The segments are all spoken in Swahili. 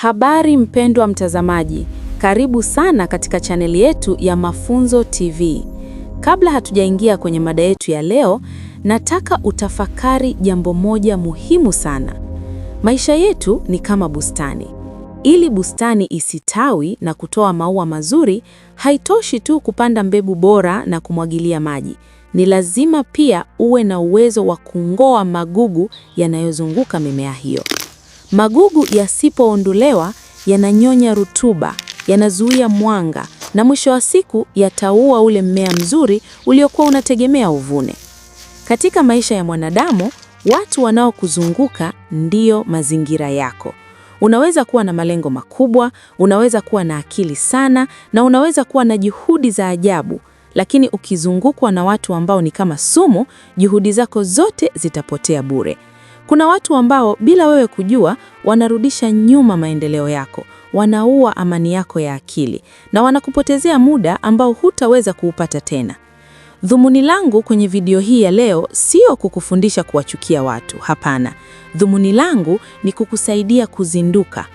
Habari mpendwa mtazamaji, karibu sana katika chaneli yetu ya Mafunzo TV. Kabla hatujaingia kwenye mada yetu ya leo, nataka utafakari jambo moja muhimu sana. Maisha yetu ni kama bustani. Ili bustani isitawi na kutoa maua mazuri, haitoshi tu kupanda mbegu bora na kumwagilia maji. Ni lazima pia uwe na uwezo wa kung'oa magugu yanayozunguka mimea hiyo. Magugu yasipoondolewa yananyonya rutuba, yanazuia mwanga na mwisho wa siku yataua ule mmea mzuri uliokuwa unategemea uvune. Katika maisha ya mwanadamu, watu wanaokuzunguka ndiyo mazingira yako. Unaweza kuwa na malengo makubwa, unaweza kuwa na akili sana na unaweza kuwa na juhudi za ajabu, lakini ukizungukwa na watu ambao ni kama sumu, juhudi zako zote zitapotea bure. Kuna watu ambao bila wewe kujua wanarudisha nyuma maendeleo yako, wanaua amani yako ya akili na wanakupotezea muda ambao hutaweza kuupata tena. Dhumuni langu kwenye video hii ya leo sio kukufundisha kuwachukia watu, hapana. Dhumuni langu ni kukusaidia kuzinduka.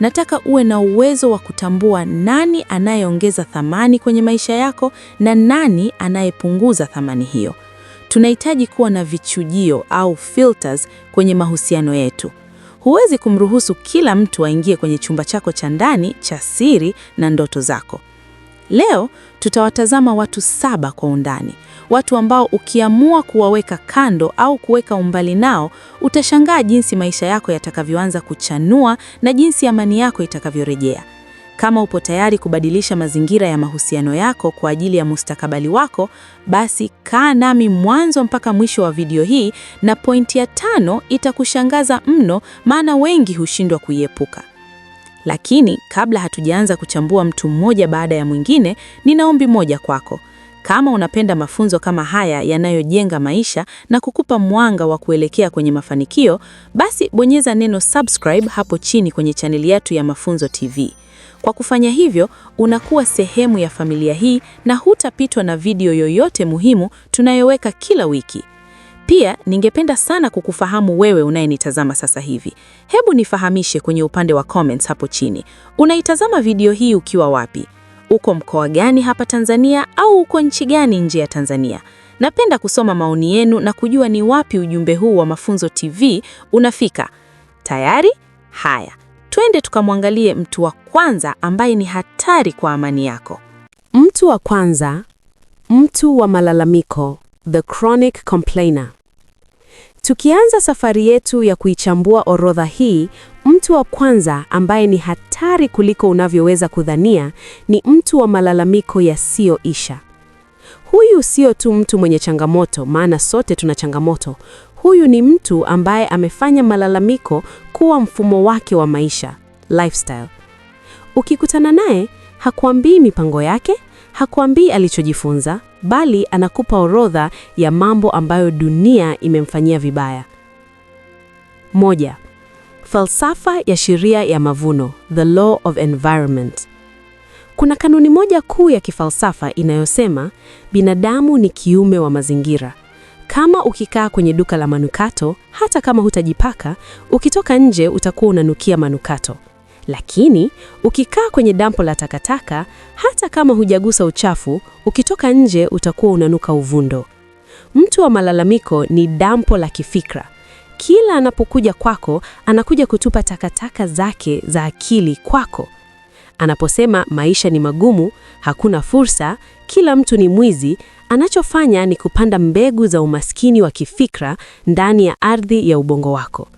Nataka uwe na uwezo wa kutambua nani anayeongeza thamani kwenye maisha yako na nani anayepunguza thamani hiyo. Tunahitaji kuwa na vichujio au filters kwenye mahusiano yetu. Huwezi kumruhusu kila mtu aingie kwenye chumba chako cha ndani cha siri na ndoto zako. Leo tutawatazama watu saba kwa undani, watu ambao ukiamua kuwaweka kando au kuweka umbali nao, utashangaa jinsi maisha yako yatakavyoanza kuchanua na jinsi amani yako itakavyorejea. Kama upo tayari kubadilisha mazingira ya mahusiano yako kwa ajili ya mustakabali wako, basi kaa nami mwanzo mpaka mwisho wa video hii, na pointi ya tano itakushangaza mno, maana wengi hushindwa kuiepuka. Lakini kabla hatujaanza kuchambua mtu mmoja baada ya mwingine, nina ombi moja kwako. Kama unapenda mafunzo kama haya yanayojenga maisha na kukupa mwanga wa kuelekea kwenye mafanikio, basi bonyeza neno subscribe hapo chini kwenye chaneli yetu ya Mafunzo TV. Kwa kufanya hivyo, unakuwa sehemu ya familia hii na hutapitwa na video yoyote muhimu tunayoweka kila wiki. Pia ningependa sana kukufahamu wewe unayenitazama sasa hivi. Hebu nifahamishe kwenye upande wa comments hapo chini, unaitazama video hii ukiwa wapi? Uko mkoa gani hapa Tanzania au uko nchi gani nje ya Tanzania? Napenda kusoma maoni yenu na kujua ni wapi ujumbe huu wa Mafunzo TV unafika. Tayari? Haya twende tukamwangalie mtu wa kwanza ambaye ni hatari kwa amani yako. Mtu wa kwanza, mtu wa malalamiko, the chronic complainer. Tukianza safari yetu ya kuichambua orodha hii, mtu wa kwanza ambaye ni hatari kuliko unavyoweza kudhania ni mtu wa malalamiko yasiyoisha. Huyu sio tu mtu mwenye changamoto, maana sote tuna changamoto. Huyu ni mtu ambaye amefanya malalamiko kuwa mfumo wake wa maisha, lifestyle. Ukikutana naye, hakuambii mipango yake, hakuambii alichojifunza, bali anakupa orodha ya mambo ambayo dunia imemfanyia vibaya. Moja, falsafa ya sheria ya mavuno, the law of environment. Kuna kanuni moja kuu ya kifalsafa inayosema binadamu ni kiume wa mazingira. Kama ukikaa kwenye duka la manukato, hata kama hutajipaka, ukitoka nje utakuwa unanukia manukato. Lakini ukikaa kwenye dampo la takataka, hata kama hujagusa uchafu, ukitoka nje utakuwa unanuka uvundo. Mtu wa malalamiko ni dampo la kifikra. Kila anapokuja kwako, anakuja kutupa takataka zake za akili kwako. Anaposema maisha ni magumu, hakuna fursa, kila mtu ni mwizi, Anachofanya ni kupanda mbegu za umaskini wa kifikra ndani ya ardhi ya ubongo wako.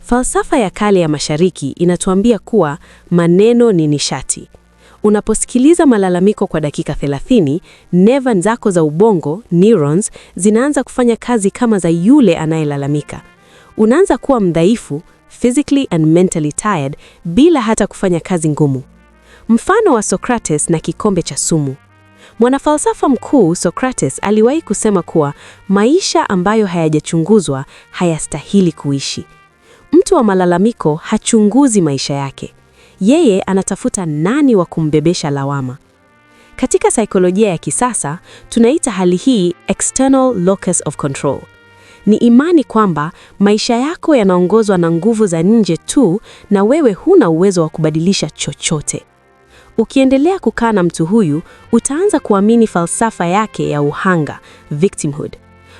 Falsafa ya kale ya Mashariki inatuambia kuwa maneno ni nishati. Unaposikiliza malalamiko kwa dakika 30, neva zako za ubongo neurons zinaanza kufanya kazi kama za yule anayelalamika. Unaanza kuwa mdhaifu physically and mentally tired bila hata kufanya kazi ngumu. Mfano wa Socrates na kikombe cha sumu. Mwanafalsafa mkuu Socrates aliwahi kusema kuwa maisha ambayo hayajachunguzwa hayastahili kuishi. Mtu wa malalamiko hachunguzi maisha yake. Yeye anatafuta nani wa kumbebesha lawama. Katika saikolojia ya kisasa tunaita hali hii external locus of control. Ni imani kwamba maisha yako yanaongozwa na nguvu za nje tu na wewe huna uwezo wa kubadilisha chochote. Ukiendelea kukaa na mtu huyu, utaanza kuamini falsafa yake ya uhanga, victimhood.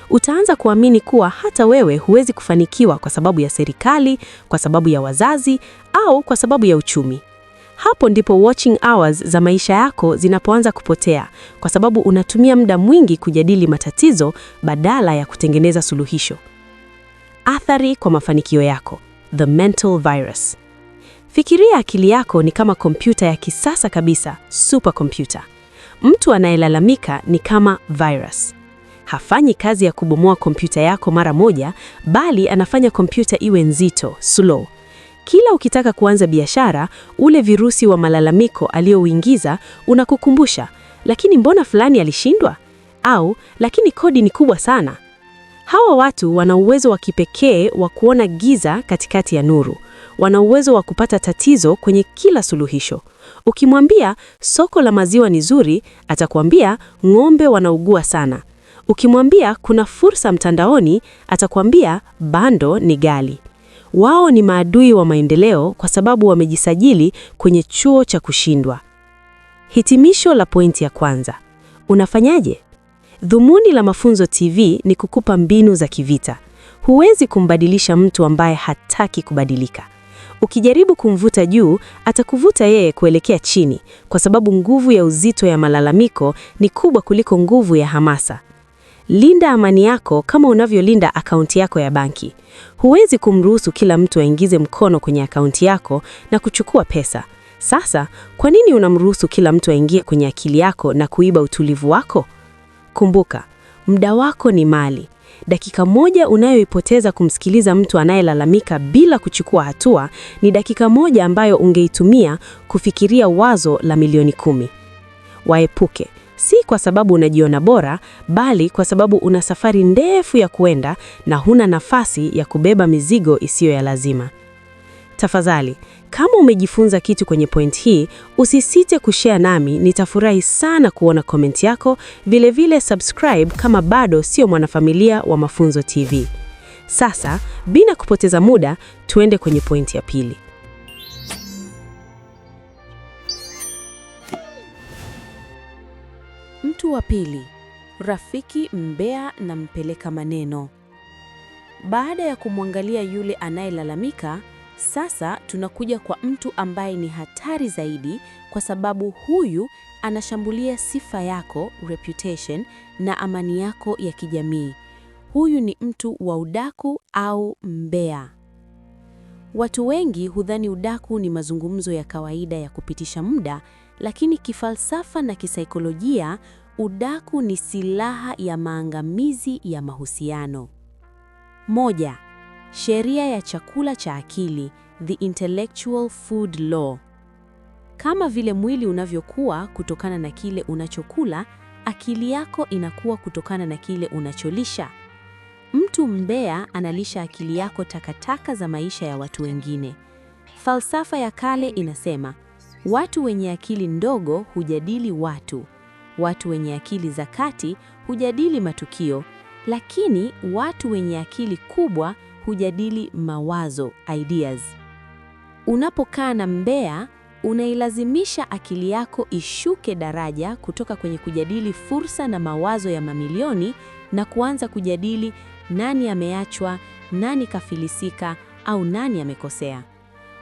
Utaanza kuamini kuwa hata wewe huwezi kufanikiwa kwa sababu ya serikali, kwa sababu ya wazazi, au kwa sababu ya uchumi. Hapo ndipo watching hours za maisha yako zinapoanza kupotea, kwa sababu unatumia muda mwingi kujadili matatizo badala ya kutengeneza suluhisho. Athari kwa mafanikio yako, the mental virus. Fikiria akili yako ni kama kompyuta ya kisasa kabisa, supercomputer. Mtu anayelalamika ni kama virus. Hafanyi kazi ya kubomoa kompyuta yako mara moja, bali anafanya kompyuta iwe nzito, slow. Kila ukitaka kuanza biashara, ule virusi wa malalamiko aliyouingiza unakukumbusha, lakini mbona fulani alishindwa? Au lakini kodi ni kubwa sana. Hawa watu wana uwezo wa kipekee wa kuona giza katikati ya nuru wana uwezo wa kupata tatizo kwenye kila suluhisho. Ukimwambia soko la maziwa ni zuri, atakwambia ng'ombe wanaugua sana. Ukimwambia kuna fursa mtandaoni, atakwambia bando ni ghali. Wao ni maadui wa maendeleo kwa sababu wamejisajili kwenye chuo cha kushindwa. Hitimisho la pointi ya kwanza. Unafanyaje? Dhumuni la Mafunzo TV ni kukupa mbinu za kivita. Huwezi kumbadilisha mtu ambaye hataki kubadilika. Ukijaribu kumvuta juu, atakuvuta yeye kuelekea chini, kwa sababu nguvu ya uzito ya malalamiko ni kubwa kuliko nguvu ya hamasa. Linda amani yako kama unavyolinda akaunti yako ya banki. Huwezi kumruhusu kila mtu aingize mkono kwenye akaunti yako na kuchukua pesa. Sasa, kwa nini unamruhusu kila mtu aingie kwenye akili yako na kuiba utulivu wako? Kumbuka, muda wako ni mali. Dakika moja unayoipoteza kumsikiliza mtu anayelalamika bila kuchukua hatua ni dakika moja ambayo ungeitumia kufikiria wazo la milioni kumi. Waepuke, si kwa sababu unajiona bora, bali kwa sababu una safari ndefu ya kuenda na huna nafasi ya kubeba mizigo isiyo ya lazima. Tafadhali kama umejifunza kitu kwenye point hii, usisite kushare nami, nitafurahi sana kuona comment yako. Vilevile vile subscribe kama bado sio mwanafamilia wa Mafunzo TV. Sasa bila kupoteza muda, tuende kwenye point ya pili. Mtu wa pili, rafiki mbea na mpeleka maneno. Baada ya kumwangalia yule anayelalamika sasa tunakuja kwa mtu ambaye ni hatari zaidi, kwa sababu huyu anashambulia sifa yako reputation, na amani yako ya kijamii. Huyu ni mtu wa udaku au mbea. Watu wengi hudhani udaku ni mazungumzo ya kawaida ya kupitisha muda, lakini kifalsafa na kisaikolojia, udaku ni silaha ya maangamizi ya mahusiano. Moja sheria ya chakula cha akili, the intellectual food law. Kama vile mwili unavyokuwa kutokana na kile unachokula, akili yako inakuwa kutokana na kile unacholisha. Mtu mbea analisha akili yako takataka za maisha ya watu wengine. Falsafa ya kale inasema watu wenye akili ndogo hujadili watu, watu wenye akili za kati hujadili matukio, lakini watu wenye akili kubwa hujadili mawazo ideas. Unapokaa na mbea, unailazimisha akili yako ishuke daraja kutoka kwenye kujadili fursa na mawazo ya mamilioni na kuanza kujadili nani ameachwa, nani kafilisika au nani amekosea.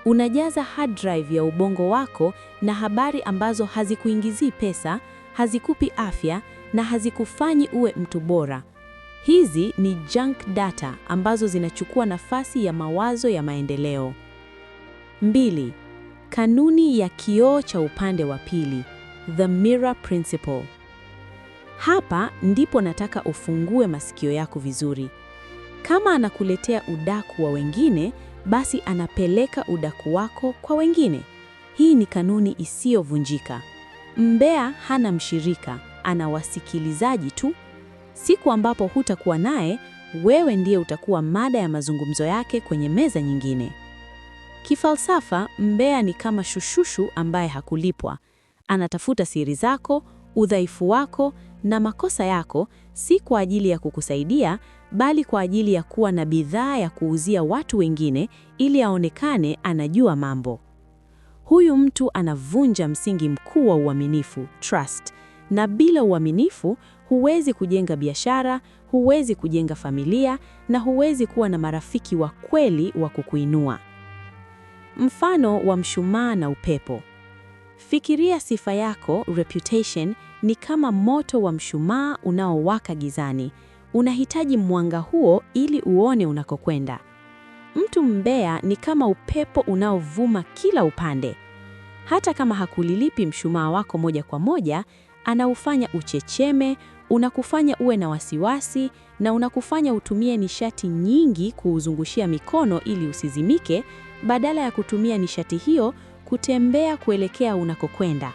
Unajaza hard drive ya ubongo wako na habari ambazo hazikuingizii pesa, hazikupi afya na hazikufanyi uwe mtu bora. Hizi ni junk data ambazo zinachukua nafasi ya mawazo ya maendeleo. Mbili, kanuni ya kioo cha upande wa pili, the mirror principle. Hapa ndipo nataka ufungue masikio yako vizuri. Kama anakuletea udaku wa wengine, basi anapeleka udaku wako kwa wengine. Hii ni kanuni isiyovunjika. Mbea hana mshirika, ana wasikilizaji tu. Siku ambapo hutakuwa naye, wewe ndiye utakuwa mada ya mazungumzo yake kwenye meza nyingine. Kifalsafa, mbea ni kama shushushu ambaye hakulipwa. Anatafuta siri zako, udhaifu wako na makosa yako, si kwa ajili ya kukusaidia, bali kwa ajili ya kuwa na bidhaa ya kuuzia watu wengine ili aonekane anajua mambo. Huyu mtu anavunja msingi mkuu wa uaminifu, trust na bila uaminifu huwezi kujenga biashara, huwezi kujenga familia na huwezi kuwa na marafiki wa kweli wa kukuinua. Mfano wa mshumaa na upepo. Fikiria sifa yako reputation ni kama moto wa mshumaa unaowaka gizani. Unahitaji mwanga huo ili uone unakokwenda. Mtu mbea ni kama upepo unaovuma kila upande. Hata kama hakulilipi mshumaa wako moja kwa moja, anaufanya uchecheme, unakufanya uwe na wasiwasi na unakufanya utumie nishati nyingi kuuzungushia mikono ili usizimike, badala ya kutumia nishati hiyo kutembea kuelekea unakokwenda.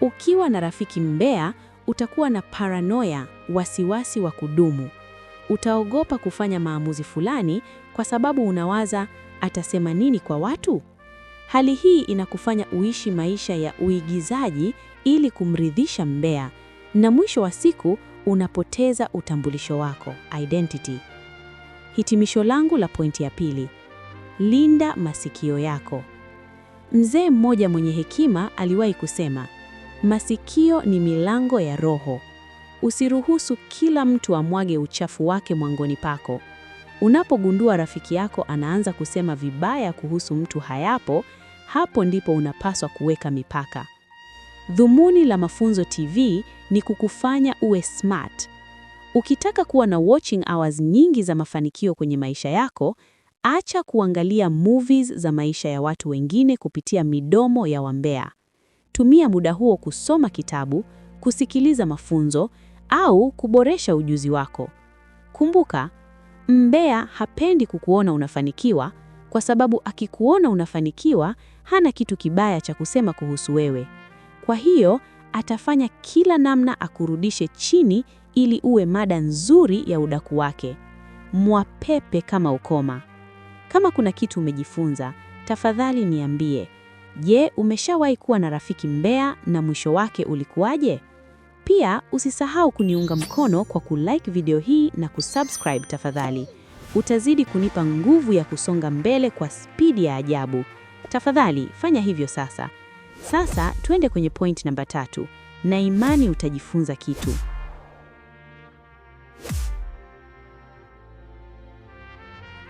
Ukiwa na rafiki mbea, utakuwa na paranoia, wasiwasi wa kudumu. Utaogopa kufanya maamuzi fulani kwa sababu unawaza atasema nini kwa watu. Hali hii inakufanya uishi maisha ya uigizaji ili kumridhisha mbea, na mwisho wa siku unapoteza utambulisho wako identity. Hitimisho langu la pointi ya pili, linda masikio yako. Mzee mmoja mwenye hekima aliwahi kusema, masikio ni milango ya roho. Usiruhusu kila mtu amwage uchafu wake mwangoni pako. Unapogundua rafiki yako anaanza kusema vibaya kuhusu mtu hayapo, hapo ndipo unapaswa kuweka mipaka. Dhumuni la Mafunzo TV ni kukufanya uwe smart. Ukitaka kuwa na watching hours nyingi za mafanikio kwenye maisha yako, acha kuangalia movies za maisha ya watu wengine kupitia midomo ya wambea. Tumia muda huo kusoma kitabu, kusikiliza mafunzo au kuboresha ujuzi wako. Kumbuka, mbea hapendi kukuona unafanikiwa kwa sababu akikuona unafanikiwa hana kitu kibaya cha kusema kuhusu wewe. Kwa hiyo atafanya kila namna akurudishe chini ili uwe mada nzuri ya udaku wake. Mwapepe kama ukoma. Kama kuna kitu umejifunza, tafadhali niambie. Je, umeshawahi kuwa na rafiki mbea na mwisho wake ulikuwaje? Pia usisahau kuniunga mkono kwa kulike video hii na kusubscribe tafadhali. Utazidi kunipa nguvu ya kusonga mbele kwa spidi ya ajabu. Tafadhali fanya hivyo sasa. Sasa tuende kwenye point namba tatu, na imani utajifunza kitu.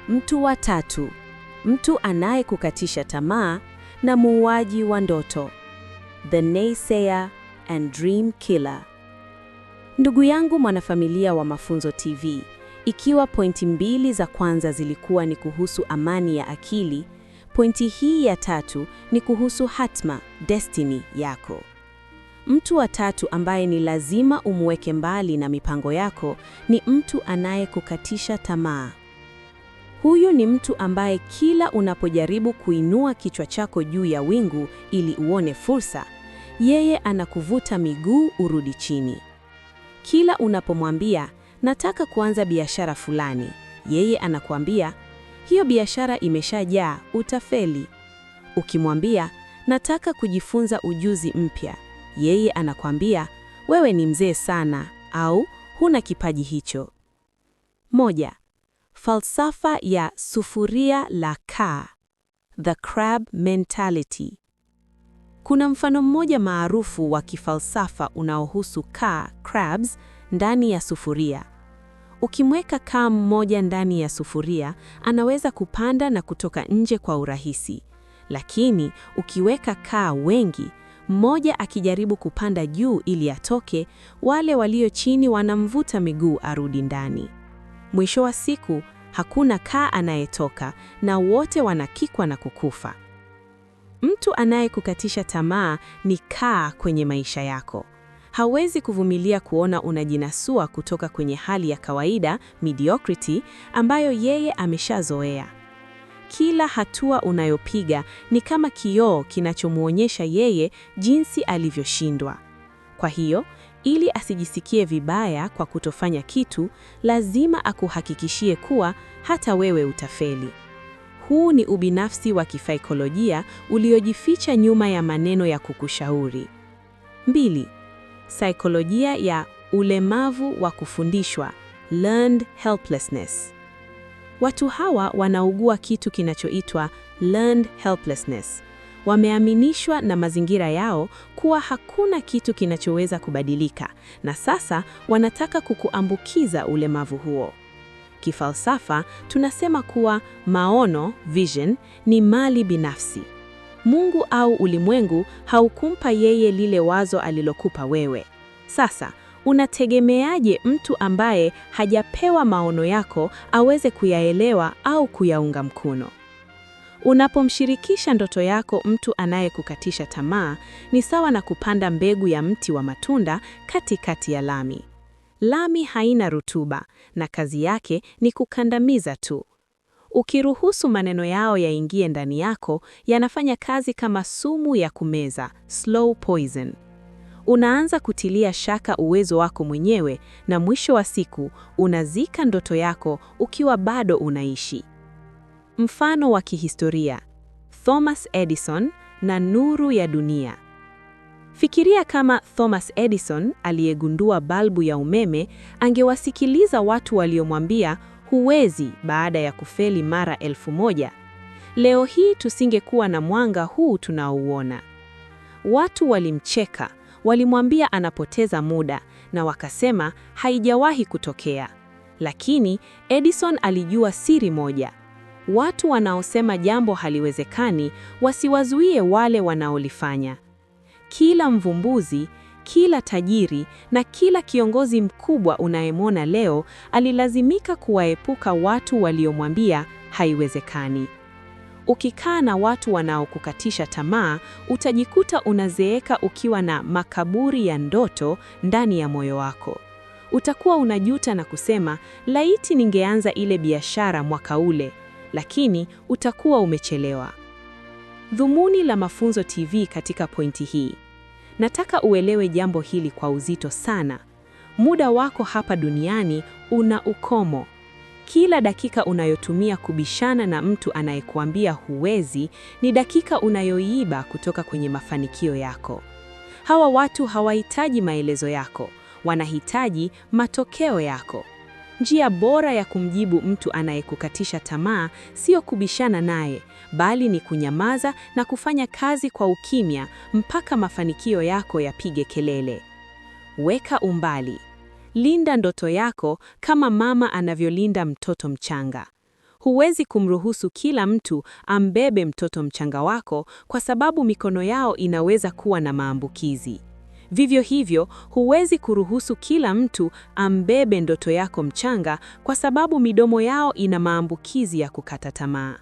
Mtu wa tatu, mtu anayekukatisha tamaa na muuaji wa ndoto, the naysayer and dream killer. Ndugu yangu mwanafamilia wa Mafunzo TV, ikiwa pointi mbili za kwanza zilikuwa ni kuhusu amani ya akili Pointi hii ya tatu ni kuhusu hatma, destiny yako. Mtu wa tatu ambaye ni lazima umweke mbali na mipango yako ni mtu anayekukatisha tamaa. Huyu ni mtu ambaye kila unapojaribu kuinua kichwa chako juu ya wingu ili uone fursa, yeye anakuvuta miguu urudi chini. Kila unapomwambia nataka kuanza biashara fulani, yeye anakuambia hiyo biashara imeshajaa, utafeli. Ukimwambia nataka kujifunza ujuzi mpya, yeye anakwambia wewe ni mzee sana, au huna kipaji hicho. Moja, falsafa ya sufuria la kaa, the crab mentality. Kuna mfano mmoja maarufu wa kifalsafa unaohusu kaa, crabs, ndani ya sufuria. Ukimweka kaa mmoja ndani ya sufuria, anaweza kupanda na kutoka nje kwa urahisi. Lakini ukiweka kaa wengi, mmoja akijaribu kupanda juu ili atoke, wale walio chini wanamvuta miguu arudi ndani. Mwisho wa siku, hakuna kaa anayetoka na wote wanakikwa na kukufa. Mtu anayekukatisha tamaa ni kaa kwenye maisha yako hawezi kuvumilia kuona unajinasua kutoka kwenye hali ya kawaida mediocrity ambayo yeye ameshazoea. Kila hatua unayopiga ni kama kioo kinachomwonyesha yeye jinsi alivyoshindwa. Kwa hiyo, ili asijisikie vibaya kwa kutofanya kitu, lazima akuhakikishie kuwa hata wewe utafeli. Huu ni ubinafsi wa kisaikolojia uliojificha nyuma ya maneno ya kukushauri. Mbili, saikolojia ya ulemavu wa kufundishwa, learned helplessness. Watu hawa wanaugua kitu kinachoitwa learned helplessness. Wameaminishwa na mazingira yao kuwa hakuna kitu kinachoweza kubadilika, na sasa wanataka kukuambukiza ulemavu huo. Kifalsafa tunasema kuwa maono, vision, ni mali binafsi. Mungu au ulimwengu haukumpa yeye lile wazo alilokupa wewe. Sasa unategemeaje mtu ambaye hajapewa maono yako aweze kuyaelewa au kuyaunga mkono? Unapomshirikisha ndoto yako mtu anayekukatisha tamaa, ni sawa na kupanda mbegu ya mti wa matunda katikati ya lami. Lami haina rutuba na kazi yake ni kukandamiza tu. Ukiruhusu maneno yao yaingie ndani yako, yanafanya kazi kama sumu ya kumeza, slow poison. Unaanza kutilia shaka uwezo wako mwenyewe na mwisho wa siku unazika ndoto yako ukiwa bado unaishi. Mfano wa kihistoria: Thomas Edison na nuru ya dunia. Fikiria kama Thomas Edison aliyegundua balbu ya umeme angewasikiliza watu waliomwambia huwezi baada ya kufeli mara elfu moja. Leo hii tusingekuwa na mwanga huu tunaouona. Watu walimcheka, walimwambia anapoteza muda na wakasema haijawahi kutokea. Lakini Edison alijua siri moja. Watu wanaosema jambo haliwezekani wasiwazuie wale wanaolifanya. Kila mvumbuzi kila tajiri na kila kiongozi mkubwa unayemwona leo alilazimika kuwaepuka watu waliomwambia haiwezekani. Ukikaa na watu wanaokukatisha tamaa, utajikuta unazeeka ukiwa na makaburi ya ndoto ndani ya moyo wako. Utakuwa unajuta na kusema, laiti ningeanza ile biashara mwaka ule, lakini utakuwa umechelewa. Dhumuni la Mafunzo TV katika pointi hii Nataka uelewe jambo hili kwa uzito sana. Muda wako hapa duniani una ukomo. Kila dakika unayotumia kubishana na mtu anayekuambia huwezi ni dakika unayoiba kutoka kwenye mafanikio yako. Hawa watu hawahitaji maelezo yako, wanahitaji matokeo yako. Njia bora ya kumjibu mtu anayekukatisha tamaa sio kubishana naye, bali ni kunyamaza na kufanya kazi kwa ukimya mpaka mafanikio yako yapige kelele. Weka umbali. Linda ndoto yako kama mama anavyolinda mtoto mchanga. Huwezi kumruhusu kila mtu ambebe mtoto mchanga wako kwa sababu mikono yao inaweza kuwa na maambukizi. Vivyo hivyo, huwezi kuruhusu kila mtu ambebe ndoto yako mchanga kwa sababu midomo yao ina maambukizi ya kukata tamaa.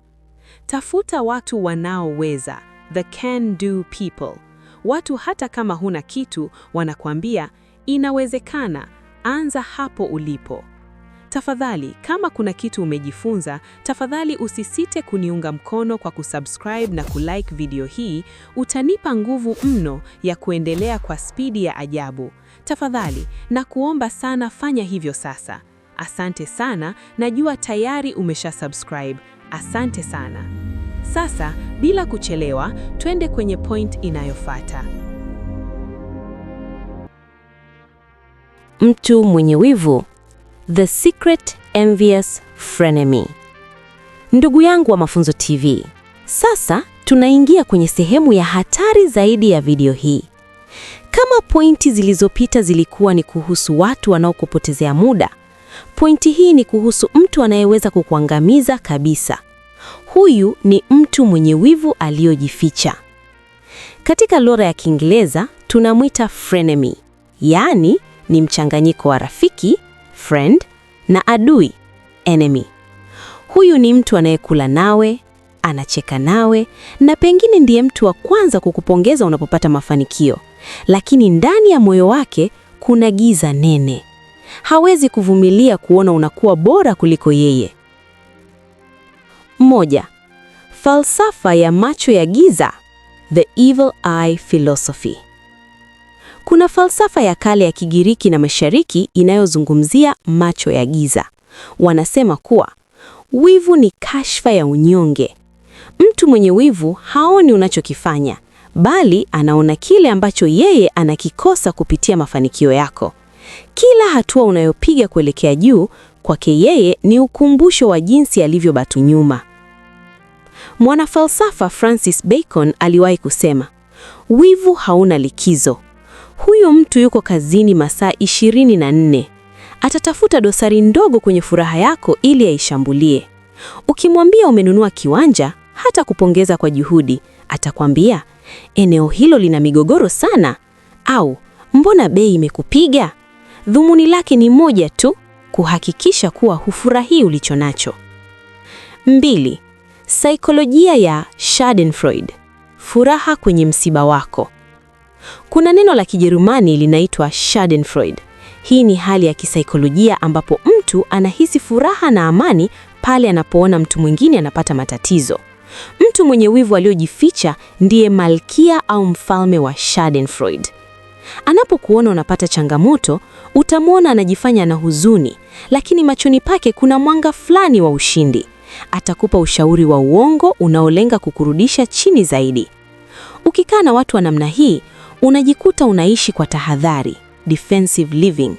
Tafuta watu wanaoweza, the can do people. Watu hata kama huna kitu, wanakuambia inawezekana, anza hapo ulipo. Tafadhali, kama kuna kitu umejifunza, tafadhali usisite kuniunga mkono kwa kusubscribe na kulike video hii. Utanipa nguvu mno ya kuendelea kwa spidi ya ajabu. Tafadhali, na kuomba sana, fanya hivyo sasa. Asante sana, najua tayari umesha subscribe. Asante sana. Sasa bila kuchelewa, twende kwenye point inayofuata. Mtu mwenye wivu The Secret Envious Frenemy. Ndugu yangu wa Mafunzo TV, sasa tunaingia kwenye sehemu ya hatari zaidi ya video hii. Kama pointi zilizopita zilikuwa ni kuhusu watu wanaokupotezea muda, pointi hii ni kuhusu mtu anayeweza kukuangamiza kabisa. Huyu ni mtu mwenye wivu aliyojificha. Katika lugha ya Kiingereza tunamwita frenemy, yaani ni mchanganyiko wa rafiki friend na adui enemy. Huyu ni mtu anayekula nawe, anacheka nawe na pengine ndiye mtu wa kwanza kukupongeza unapopata mafanikio, lakini ndani ya moyo wake kuna giza nene. Hawezi kuvumilia kuona unakuwa bora kuliko yeye. Moja, falsafa ya macho ya giza, the evil eye philosophy. Kuna falsafa ya kale ya Kigiriki na Mashariki inayozungumzia macho ya giza. Wanasema kuwa wivu ni kashfa ya unyonge. Mtu mwenye wivu haoni unachokifanya, bali anaona kile ambacho yeye anakikosa kupitia mafanikio yako. Kila hatua unayopiga kuelekea juu kwake yeye ni ukumbusho wa jinsi alivyobatu nyuma. Mwanafalsafa Francis Bacon aliwahi kusema, wivu hauna likizo, Huyu mtu yuko kazini masaa ishirini na nne. Atatafuta dosari ndogo kwenye furaha yako ili aishambulie. Ukimwambia umenunua kiwanja, hata kupongeza kwa juhudi, atakwambia eneo hilo lina migogoro sana, au mbona bei imekupiga? Dhumuni lake ni moja tu, kuhakikisha kuwa hufurahii ulicho nacho. Mbili, saikolojia ya Schadenfreude, furaha kwenye msiba wako. Kuna neno la Kijerumani linaitwa Schadenfreude. Hii ni hali ya kisaikolojia ambapo mtu anahisi furaha na amani pale anapoona mtu mwingine anapata matatizo. Mtu mwenye wivu aliyojificha ndiye malkia au mfalme wa Schadenfreude. Anapokuona unapata changamoto, utamwona anajifanya na huzuni, lakini machoni pake kuna mwanga fulani wa ushindi. Atakupa ushauri wa uongo unaolenga kukurudisha chini zaidi. Ukikaa na watu wa namna hii, unajikuta unaishi kwa tahadhari, defensive living.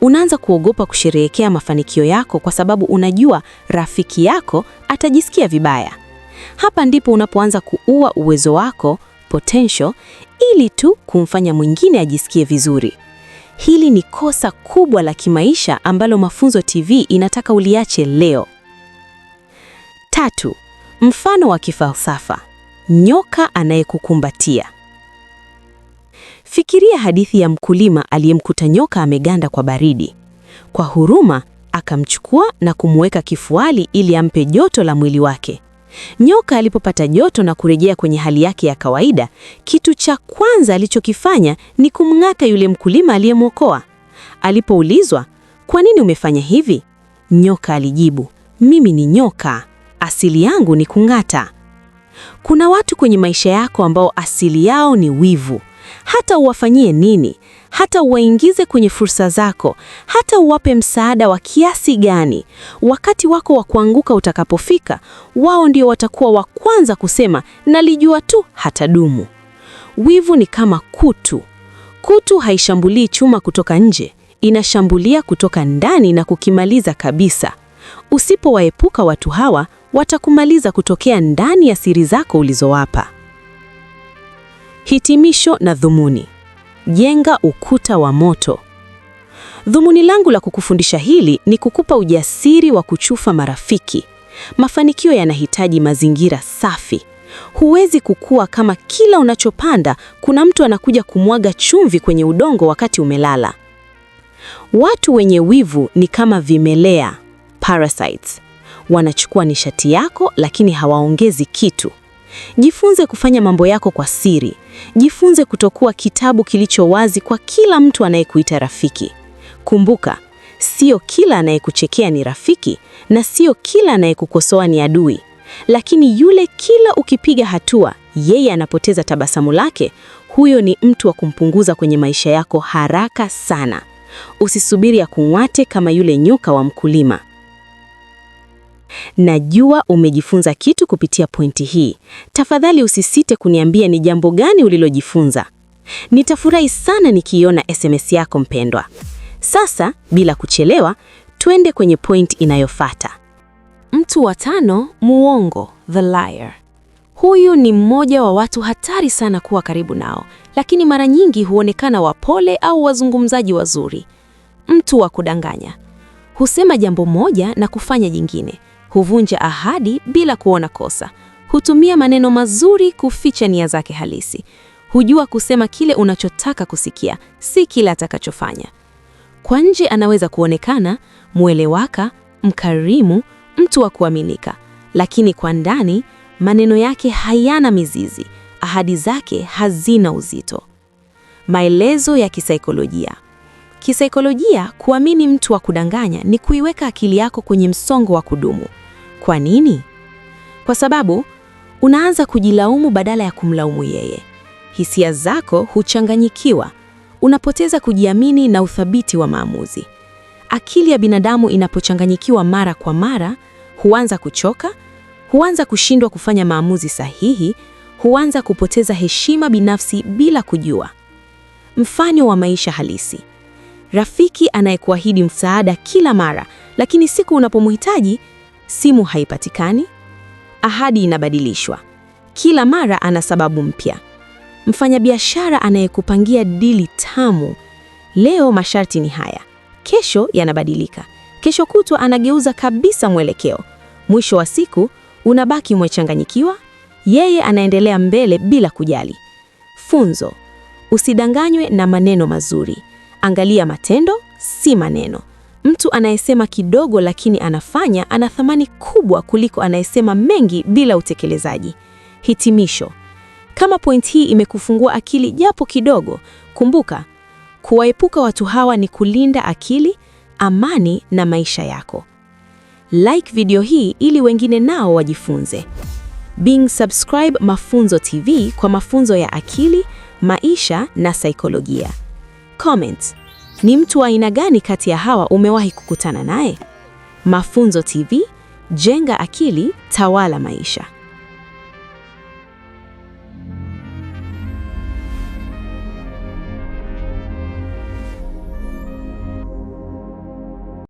Unaanza kuogopa kusherehekea mafanikio yako kwa sababu unajua rafiki yako atajisikia vibaya. Hapa ndipo unapoanza kuua uwezo wako potential, ili tu kumfanya mwingine ajisikie vizuri. Hili ni kosa kubwa la kimaisha ambalo Mafunzo TV inataka uliache leo. Tatu, mfano wa kifalsafa: nyoka anayekukumbatia. Fikiria hadithi ya mkulima aliyemkuta nyoka ameganda kwa baridi. Kwa huruma, akamchukua na kumweka kifuali ili ampe joto la mwili wake. Nyoka alipopata joto na kurejea kwenye hali yake ya kawaida, kitu cha kwanza alichokifanya ni kumng'ata yule mkulima aliyemwokoa. Alipoulizwa, "Kwa nini umefanya hivi?" Nyoka alijibu, "Mimi ni nyoka. Asili yangu ni kung'ata." Kuna watu kwenye maisha yako ambao asili yao ni wivu hata uwafanyie nini, hata uwaingize kwenye fursa zako, hata uwape msaada wa kiasi gani, wakati wako wa kuanguka utakapofika, wao ndio watakuwa wa kwanza kusema nalijua tu hatadumu. Wivu ni kama kutu. Kutu haishambulii chuma kutoka nje, inashambulia kutoka ndani na kukimaliza kabisa. Usipowaepuka watu hawa, watakumaliza kutokea ndani ya siri zako ulizowapa. Hitimisho na dhumuni: jenga ukuta wa moto. Dhumuni langu la kukufundisha hili ni kukupa ujasiri wa kuchufa marafiki. Mafanikio yanahitaji mazingira safi. Huwezi kukua kama kila unachopanda kuna mtu anakuja kumwaga chumvi kwenye udongo wakati umelala. Watu wenye wivu ni kama vimelea, parasites. Wanachukua nishati yako lakini hawaongezi kitu. Jifunze kufanya mambo yako kwa siri. Jifunze kutokuwa kitabu kilicho wazi kwa kila mtu anayekuita rafiki. Kumbuka, sio kila anayekuchekea ni rafiki na sio kila anayekukosoa ni adui. Lakini yule kila ukipiga hatua, yeye anapoteza tabasamu lake, huyo ni mtu wa kumpunguza kwenye maisha yako haraka sana. Usisubiri akung'ate kama yule nyoka wa mkulima. Najua umejifunza kitu kupitia pointi hii. Tafadhali usisite kuniambia ni jambo gani ulilojifunza. Nitafurahi sana nikiiona SMS yako mpendwa. Sasa bila kuchelewa, twende kwenye point inayofuata. Mtu wa tano, muongo, the liar. Huyu ni mmoja wa watu hatari sana kuwa karibu nao, lakini mara nyingi huonekana wapole au wazungumzaji wazuri. Mtu wa kudanganya husema jambo moja na kufanya jingine huvunja ahadi bila kuona kosa, hutumia maneno mazuri kuficha nia zake halisi, hujua kusema kile unachotaka kusikia, si kile atakachofanya. Kwa nje anaweza kuonekana mwelewaka, mkarimu, mtu wa kuaminika, lakini kwa ndani maneno yake hayana mizizi, ahadi zake hazina uzito. Maelezo ya kisaikolojia. Kisaikolojia, kuamini mtu wa kudanganya ni kuiweka akili yako kwenye msongo wa kudumu. Kwa nini? Kwa sababu unaanza kujilaumu badala ya kumlaumu yeye. Hisia zako huchanganyikiwa, unapoteza kujiamini na uthabiti wa maamuzi. Akili ya binadamu inapochanganyikiwa mara kwa mara, huanza kuchoka, huanza kushindwa kufanya maamuzi sahihi, huanza kupoteza heshima binafsi bila kujua. Mfano wa maisha halisi: rafiki anayekuahidi msaada kila mara, lakini siku unapomhitaji simu haipatikani. Ahadi inabadilishwa kila mara, ana sababu mpya. Mfanyabiashara anayekupangia dili tamu, leo masharti ni haya, kesho yanabadilika, kesho kutwa anageuza kabisa mwelekeo. Mwisho wa siku unabaki umechanganyikiwa, yeye anaendelea mbele bila kujali. Funzo: usidanganywe na maneno mazuri. Angalia matendo, si maneno. Mtu anayesema kidogo lakini anafanya ana thamani kubwa kuliko anayesema mengi bila utekelezaji. Hitimisho. Kama point hii imekufungua akili japo kidogo, kumbuka kuwaepuka watu hawa ni kulinda akili, amani na maisha yako. Like video hii ili wengine nao wajifunze. Bing subscribe Mafunzo TV kwa mafunzo ya akili, maisha na saikolojia. Comment, ni mtu wa aina gani kati ya hawa umewahi kukutana naye? Mafunzo TV, jenga akili, tawala maisha.